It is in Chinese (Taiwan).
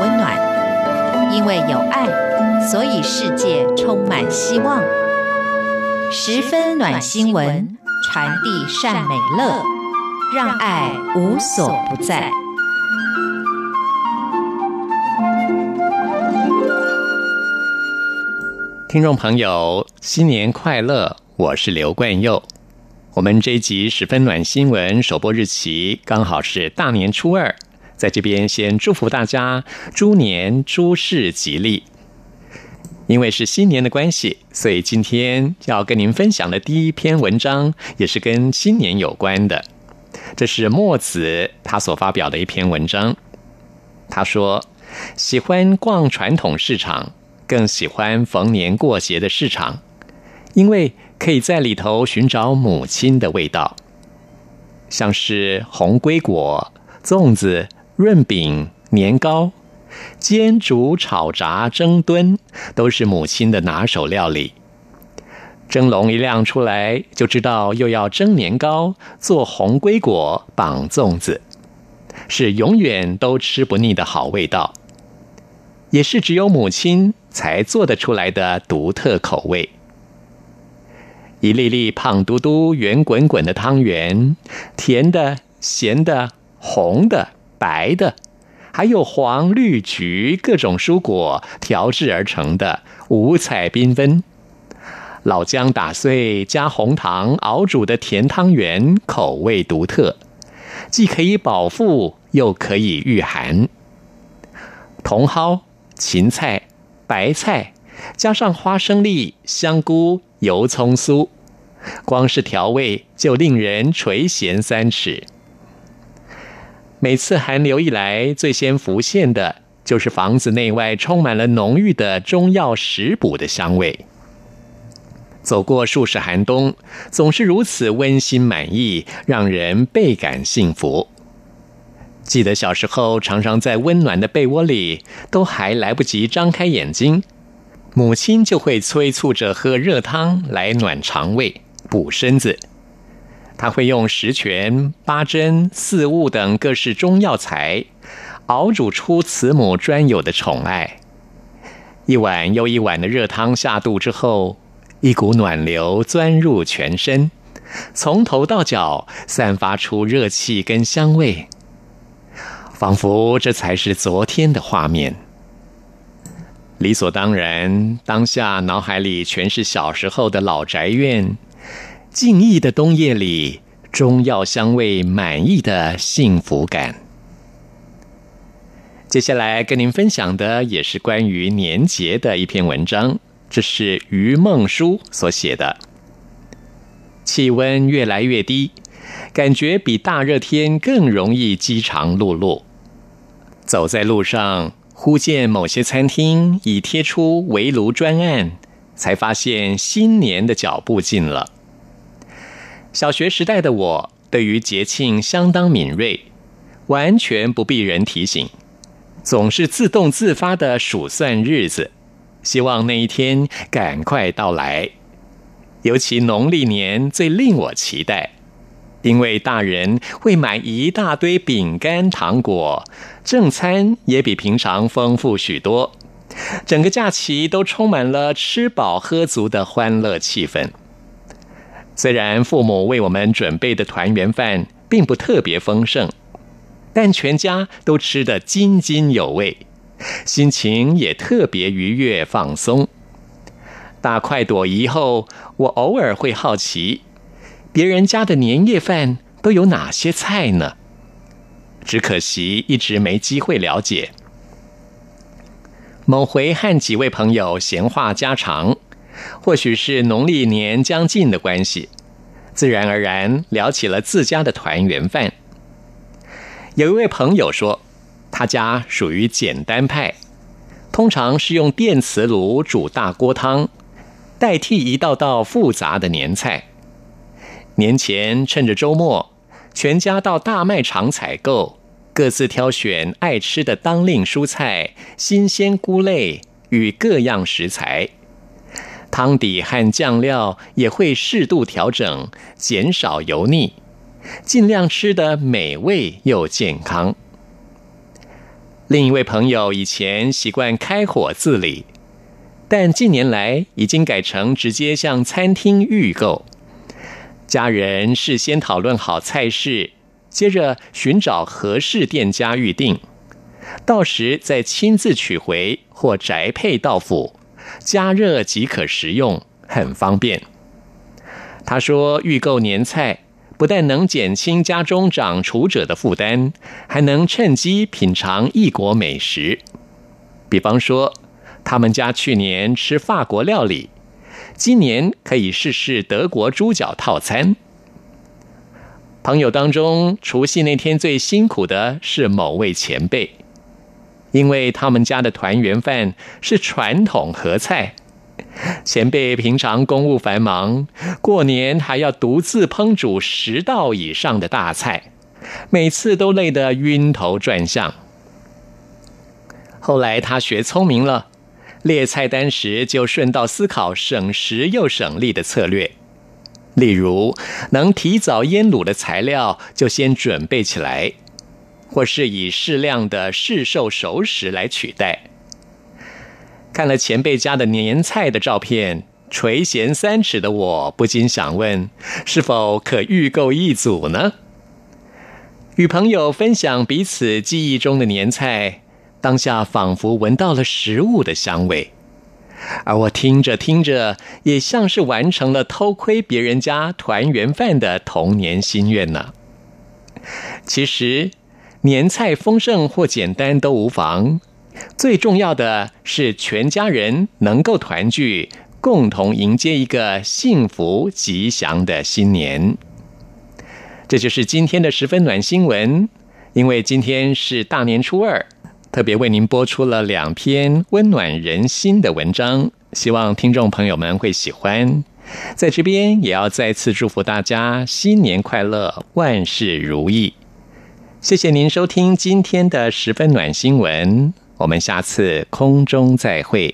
溫暖，因為有愛，所以世界充滿希望。十分暖新聞，傳遞善美樂，讓愛無所不在。聽眾朋友，新年快樂！我是劉冠佑。我們這一集《十分暖新聞》首播日期剛好是大年初二。在這邊先祝福大家豬年諸事吉利。因為是新年的關係，所以今天要跟您分享的第一篇文章也是跟新年有關的。這是墨子他所發表的一篇文章。他說：“喜歡逛傳統市場，更喜歡逢年過節的市場，因為可以在裡頭尋找母親的味道，像是紅龜粿、粽子。”潤餅、年糕、煎、煮、炒、炸、蒸、燉，都是母親的拿手料理。蒸籠一亮出來，就知道又要蒸年糕、做紅龜粿、綁粽子，是永遠都吃不膩的好味道，也是只有母親才做得出來的獨特口味。一粒粒胖嘟嘟、圓滾滾的湯圓，甜的、鹹的、紅的。白的，還有黃、綠、橘各種蔬果調製而成的五彩繽紛。老薑打碎加紅糖熬煮的甜湯圓，口味獨特，既可以飽腹又可以禦寒。茼蒿、芹菜、白菜，加上花生粒、香菇、油蔥酥，光是調味就令人垂涎三尺。每次寒流一來，最先浮現的就是房子內外充滿了濃郁的中藥食補的香味。走過數十寒冬，總是如此溫馨滿意，讓人倍感幸福。記得小時候，常常在溫暖的被窩裡，都還來不及張開眼睛，母親就會催促着喝熱湯來暖腸胃、補身子。他會用十全八珍、四物等各式中藥材熬煮出慈母專有的寵愛，一碗又一碗的熱湯下肚之後，一股暖流鑽入全身，從頭到腳散發出熱氣跟香味。仿佛這才是昨天的畫面。理所當然，當下腦海裡全是小時候的老宅院。靜謐的冬夜裡，中藥香味滿溢的幸福感。接下來跟您分享的也是關於年節的一篇文章，這是余夢書所寫的。氣溫越來越低，感覺比大熱天更容易飢腸轆轆。走在路上，忽見某些餐廳已貼出圍爐專案，才發現新年的腳步近了。小學時代的我對於節慶相當敏銳，完全不必人提醒，總是自動自發的數算日子，希望那一天趕快到來。尤其農曆年最令我期待，因為大人會買一大堆餅乾、糖果，正餐也比平常豐富許多，整個假期都充滿了吃飽喝足的歡樂氣氛。雖然父母為我們準備的團圓飯並不特別豐盛，但全家都吃得津津有味，心情也特別愉悅放鬆。大快朵頤後，我偶爾會好奇，別人家的年夜飯都有哪些菜呢？只可惜一直沒機會了解。某回和幾位朋友閒話家常，或許是農曆年將近的關係。自然而然聊起了自家的團圓飯。有一位朋友說，他家屬於簡單派，通常是用電磁爐煮大鍋湯，代替一道道複雜的年菜。年前趁着周末，全家到大賣場採購，各自挑選愛吃的當令蔬菜、新鮮菇類與各樣食材。湯底和醬料也會適度調整，減少油膩，盡量吃得美味又健康。另一位朋友以前習慣開火自理，但近年來已經改成直接向餐廳預購，家人事先討論好菜式，接着尋找合適店家預訂，到時再親自取回或宅配到府。加熱即可食用，很方便。他說，預購年菜不但能減輕家中掌廚，廚者的負擔，還能趁機品嚐異國美食。比方說，他們家去年吃法國料理，今年可以試試德國豬腳套餐。朋友當中，除夕那天最辛苦的是某位前輩。因為他們家的團圓飯是傳統和菜，前輩平常公務繁忙，過年還要獨自烹煮十道以上的大菜，每次都累得暈頭轉向。後來他學聰明了，列菜單時就順道思考省時又省力的策略，例如能提早醃滷的材料就先準備起來。或是以適量的市售熟食來取代。看了前輩家的年菜的照片，垂涎三尺的我不禁想問：是否可預購一組呢？與朋友分享彼此記憶中的年菜，當下仿佛聞到了食物的香味，而我聽着聽着，也像是完成了偷窺別人家團圓飯的童年心願呢。其實。年菜豐盛或簡單都無妨，最重要的是全家人能夠團聚，共同迎接一個幸福吉祥的新年。這就是今天的十分暖新聞，因為今天是大年初二，特別為您播出了兩篇溫暖人心的文章，希望聽眾朋友們會喜歡。在這邊也要再次祝福大家新年快樂，萬事如意。謝謝您收聽今天的十分暖新聞，我們下次空中再會。